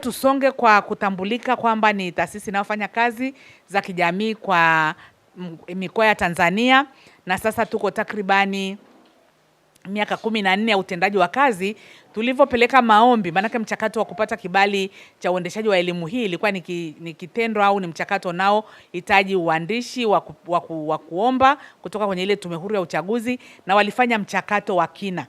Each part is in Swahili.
Tusonge kwa kutambulika kwamba ni taasisi inayofanya kazi za kijamii kwa mikoa ya Tanzania na sasa tuko takribani miaka kumi na nne ya utendaji wa kazi tulivyopeleka maombi, maanake mchakato wa kupata kibali cha uendeshaji wa elimu hii ilikuwa ni, ki, ni kitendo au ni mchakato unaohitaji uandishi wa waku, kuomba kutoka kwenye ile tume huru ya uchaguzi, na walifanya mchakato wa kina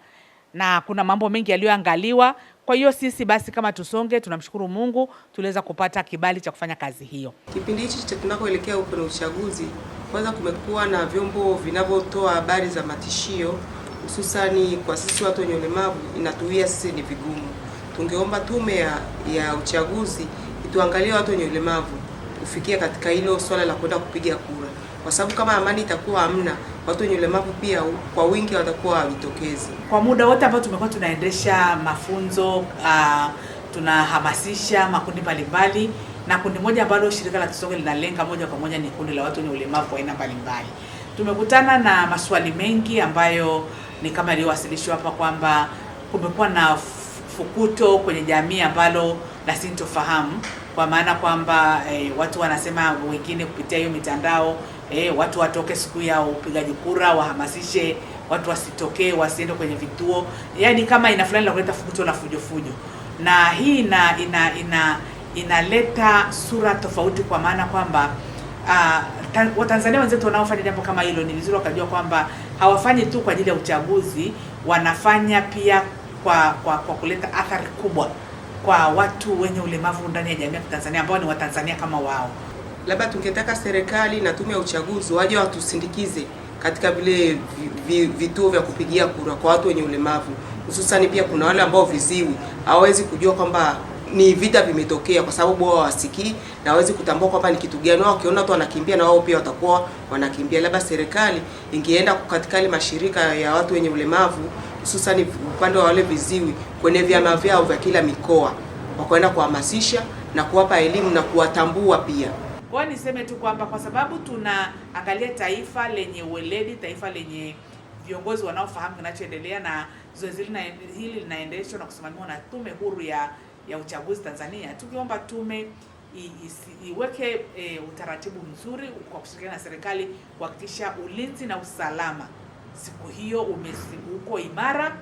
na kuna mambo mengi yaliyoangaliwa. Kwa hiyo sisi basi kama Tusonge tunamshukuru Mungu tuliweza kupata kibali cha kufanya kazi hiyo. Kipindi hichi cha tunakoelekea huko na uchaguzi, kwanza kumekuwa na vyombo vinavyotoa habari za matishio, hususani kwa sisi watu wenye ulemavu, inatuia sisi ni vigumu. Tungeomba tume ya, ya uchaguzi ituangalie watu wenye ulemavu kufikia katika hilo swala la kwenda kupiga kura, kwa sababu kama amani itakuwa hamna, watu wenye ulemavu pia kwa wingi watakuwa hawajitokezi. Kwa muda wote ambao tumekuwa tunaendesha mafunzo uh, tunahamasisha makundi mbalimbali na kundi moja ambalo shirika la Kisonge linalenga moja kwa moja ni kundi la watu wenye ulemavu wa aina mbalimbali. Tumekutana na maswali mengi ambayo ni kama yaliyowasilishwa hapa kwamba kumekuwa na fukuto kwenye jamii ambalo la sintofahamu kwa maana kwamba eh, watu wanasema wengine kupitia hiyo mitandao eh, watu watoke siku ya upigaji kura wahamasishe watu wasitokee, wasiende kwenye vituo, yaani kama ina fulani la kuleta fukuto la fujo fujo, na hii ina ina ina inaleta sura tofauti, kwa maana kwamba uh, Watanzania wenzetu wanaofanya jambo kama hilo ni vizuri wakajua kwamba hawafanyi tu kwa ajili ya uchaguzi, wanafanya pia kwa, kwa, kwa kuleta athari kubwa kwa watu wenye ulemavu ndani ya jamii ya Tanzania ambao ni Watanzania kama wao. Labda tungetaka serikali na tume ya uchaguzi waje watusindikize katika vile vituo vya kupigia kura kwa watu wenye ulemavu, hususani pia kuna wale ambao viziwi hawawezi kujua kwamba ni vita vimetokea, kwa sababu wao hawasikii na hawezi kutambua kwamba ni kitu gani. Wao wakiona watu wanakimbia, na wao pia watakuwa wanakimbia. Labda serikali ingeenda katika ile mashirika ya watu wenye ulemavu hususani upande wa wale viziwi kwenye vyama vyao vya kila mikoa, wakaenda kuhamasisha na kuwapa elimu na kuwatambua pia. Kwa hiyo niseme tu kwamba kwa sababu tunaangalia taifa lenye uweledi, taifa lenye viongozi wanaofahamu kinachoendelea, na zoezi hili linaendeshwa na kusimamiwa na Tume Huru ya ya Uchaguzi Tanzania, tukiomba tume iweke e, utaratibu mzuri kwa kushirikiana na serikali kuhakikisha ulinzi na usalama siku hiyo uko imara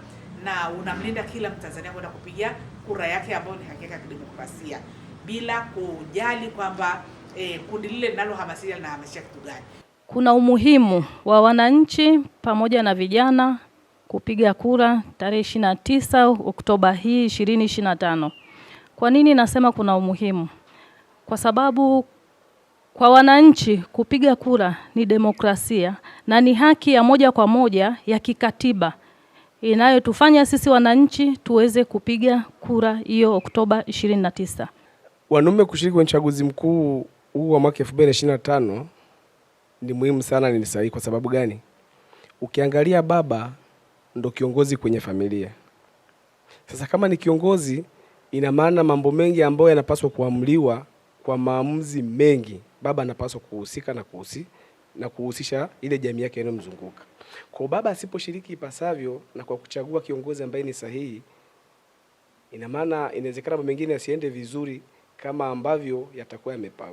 na unamlinda kila Mtanzania kwenda kupiga kura yake ambayo ni haki yake ya kidemokrasia bila kujali kwamba e, kundi lile linalohamasisha linahamasisha kitu gani. Kuna umuhimu wa wananchi pamoja na vijana kupiga kura tarehe 29 Oktoba hii 2025. Kwa nini nasema kuna umuhimu? Kwa sababu kwa wananchi kupiga kura ni demokrasia na ni haki ya moja kwa moja ya kikatiba inayotufanya sisi wananchi tuweze kupiga kura hiyo Oktoba 29. Wanaume kushiriki kwenye uchaguzi mkuu huu wa mwaka 2025 ni muhimu sana, ni sahihi. Kwa sababu gani? Ukiangalia baba ndo kiongozi kwenye familia. Sasa kama ni kiongozi, ina maana mambo mengi ambayo yanapaswa kuamliwa kwa maamuzi mengi, baba anapaswa kuhusika na kuhusi na kuhusisha ile jamii yake inayomzunguka. Kwa baba asiposhiriki ipasavyo na kwa kuchagua kiongozi ambaye ni sahihi, ina maana inawezekana mambo mengine yasiende vizuri kama ambavyo yatakuwa yamepangwa.